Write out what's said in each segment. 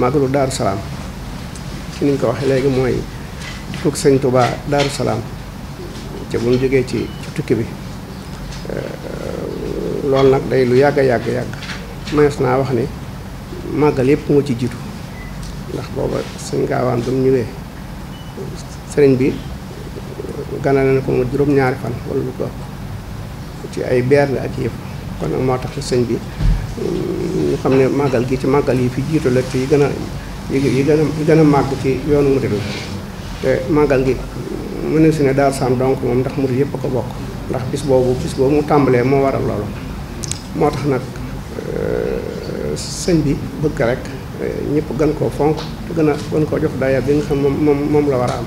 màggalu daaru salaam ci niñ ko waxee léegi mooy fukk sëñ Touba daaru salaam ca bu mu jógee ci tukki bi euh, loolu nag day lu yàgg a yàgg yàgg manees naa wax ni màggal yëpp moo ci jiitu ndax booba sëñ gaawaan ba mu ñëwee sëriñ bi euh, ganale na ko mu juróom-ñaari fan wala lu ko ci ay beer la ak yëpp kon nag moo tax sëñ bi xam ne màggal gi ci màggal yi fi jiitu la te yi gën a yi gën a yi ci yoonu mu la te màggal gi mu ne si ne daal Saam donc moom ndax mu yëpp a ko bokk ndax bis boobu bis boobu mu tàmbalee moo waral loolu moo tax nag euh, sëñ bi bëgg rek euh, ñépp gën koo fonk te gën a gën koo jox daya bi nga xam moom moom la war a am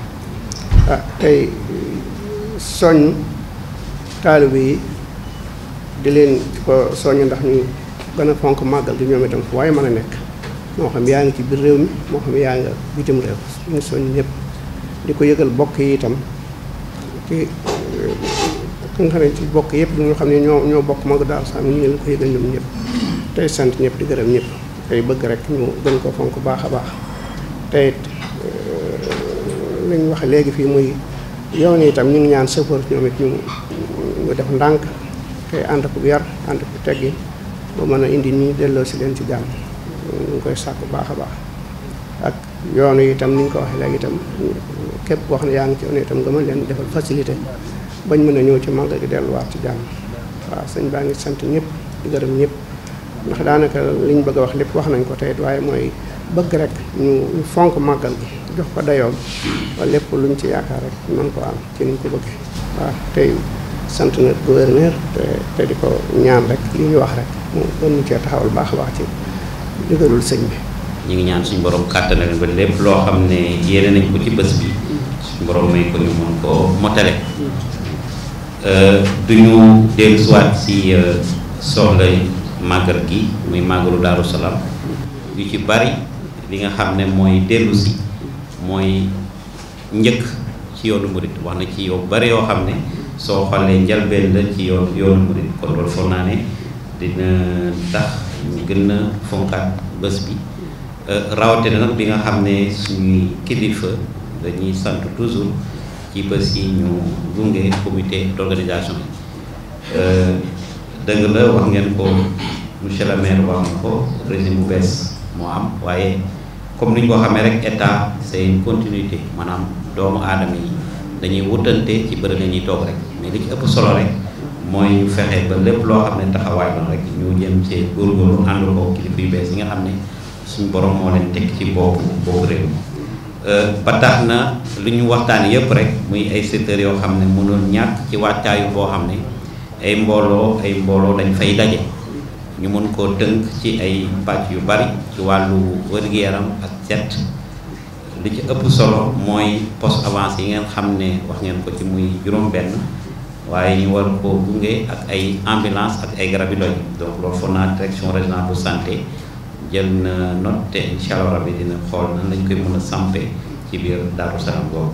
ah tey soññ taalibe yi di leen ko soññ ndax ñu gën a fonk màggal gi ñoom itam fu waaye mën a nekk moo xam yaa ngi ci biir réew mi moo xam yaa nga bitim réew ñu soñ ñëpp di ko yëgal bokk yi itam ci ki nga xam ne ci bokk yëpp ñoo xam ne ñoo ñoo bokk mag daal sax ñu ngi leen ko yëgal ñoom ñëpp sant ñëpp di gërëm ñëpp tey bëgg rek ñu gën ko fonk baax a baax tey euh, li wax léegi fii muy yoon itam ñu ngi ñaan sëfoor ñoom it ñu def ndànk tey ànd ko yar ànd ko teggi ba mën a indi nii delloo si leen ci jàmm ñu koy sàkk bu baax a baax ak yoonu itam nuñ ko wax léegi itam képp wax ne yaa ngi ci yoon itam nga mën leen defal facilité bañ mën a ñëw ci màggal gi delluwaat ci jàmm waaw sëñ baa ngi sant ñëpp di gërëm ñëpp ndax daanaka liñ bëgg a wax lépp wax nañ ko tey waaye mooy bëgg rek ñu fonk màggal gi jox ko dayoom ba lépp luñ ci yaakaar rek mën ko am ci niñ ko bëggee waaw tey sant na gouverneur te di ko ñaan rek li ñu wax rek mën ñu taxawal baax a ci ndigalul sëñ bi ñu ngi ñaan suñu borom kàttan leen ba lépp loo xam yéene nañ ko ci bés bi suñu borom may ko ñu mën ko motale duñu si soxla màggal gi muy màggalu daaru salaam yu ci bari li nga si mooy ci yoonu murit wax na ci yow bari la ci yoon yoonu kon dina tax ñu gën a fonkaat bés bi euh, rawatina nag bi nga xam ne suñuy kilifa dañuy sant toujours ci bés yi ñu gunge comité d'organisation yi euh, dëgg la wax ngeen ko monsieur le wax na ko régime bu bees moo am waaye comme ni ñu ko xamee rek état c'est continuité maanaam doomu aadama yi dañuy wutante ci bëri na ñuy toog rek mais li ci ëpp solo rek mooy fexe ba lépp loo xam ne taxawaay la rek ñu jëm cee góorgóorlu ànd ko kilifa yu bees yi nga xam ne suñ borom moo leen teg ci boobu boobu réew euh, ba tax na lu ñu waxtaan yépp rek muy ay secteurs yoo xam mënul ñàkk ci wàccaayu boo xam ay mbooloo ay dañ fay daje ñu mën koo tënk ci ay yu bari ci walu wér-gu-yaram ak set li ci ëpp solo mooy poste avancé yi ngeen wax ngeen ko ci muy juróom-benn waaye ñu war koo gunge ak ay ambulance ak ay garab yu doy donc loolu foog naa direction régionale de santé jël na note te incha allah rabi dina xool nan lañ koy mën a sampe ci biir Daaru salam boobu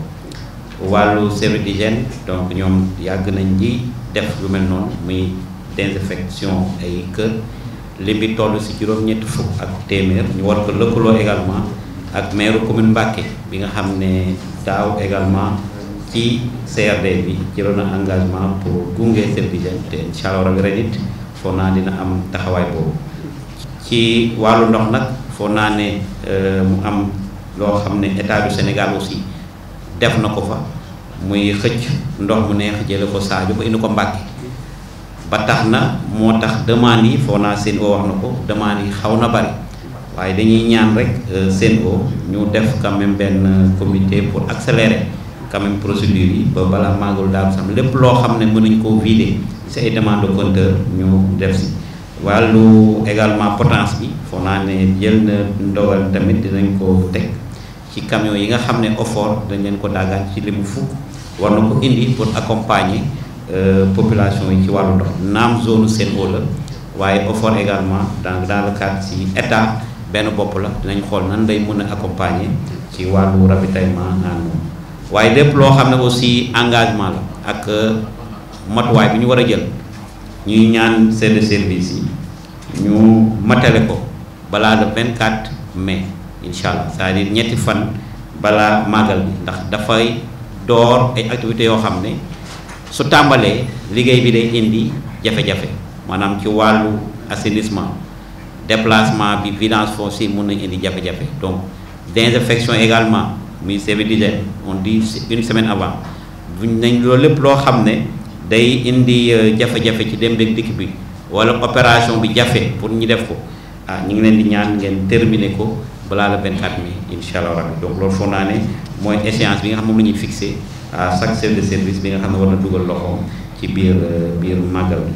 wàllu service d'hygiène donc ñoom yàgg nañ di def lu mel noonu muy désinfection ay kër lim bi toll si juróom-ñetti fukk ak téeméer ñu war ko lëkkaloo également ak maire commune Mbàkke bi nga xam ne daaw également ci CRD bi ci na engagement pour gunge service te incha allah rabi ren it naa dina am taxawaay boobu ci wàllu ndox nag foo naa ne euh, mu am loo xam ne état du Sénégal aussi def na ko fa muy xëcc ndox mu neex jële ko Sadio ba indi ko Mbàkke ba tax na moo tax demande yi foo naa seen oo wax na ko demande yi xaw na bari waaye dañuy ñaan rek euh, seen oo ñu def quand même benn euh, comité pour accélérer. quand même yi ba balaa maagul daal sam lépp loo xam ne mën nañ koo vider si ay demande de compteur ñu def si wàllu également potance bi foo naa ne jël na ndogal tamit dinañ ko teg ci camion yi nga xam ne offort dañ leen ko daagaan ci limu fukk war na ko indi pour accompagner euh, population yi ci wàllu ndox naam zone Sen'Eau la waaye offort également dans dans le cadre si état benn bopp la dinañ xool nan lay mën a accompagner ci wàllu ravitaillement waaye lépp aussi engagement ak euh, matuwaay bi ñu jël ñuy service Nous ñu matale ko le 24 mai c'est-à-dire ñetti fan balaa màggal ndax door activités yoo xam su tàmbalee liggéey bi day indi jafe-jafe maanaam ci assainissement déplacement bi mun indi jafe-jafe donc désinfection également muy CBDD on dit une semaine avant buñ nañ loolu lépp loo xam ne day indi euh, jafe-jafe ci dem beeg dikk bi wala opération bi jafe pour ñu def ko ah ñu ngi leen di ñaan ngeen terminer ko balaa la 24 mai incha allah rabbi donc loolu foog naa ne mooy échéance bi nga xam moom la ñuy fixé à chaque service bi nga xam ne war na dugal loxoom ci biir euh, biir màggal bi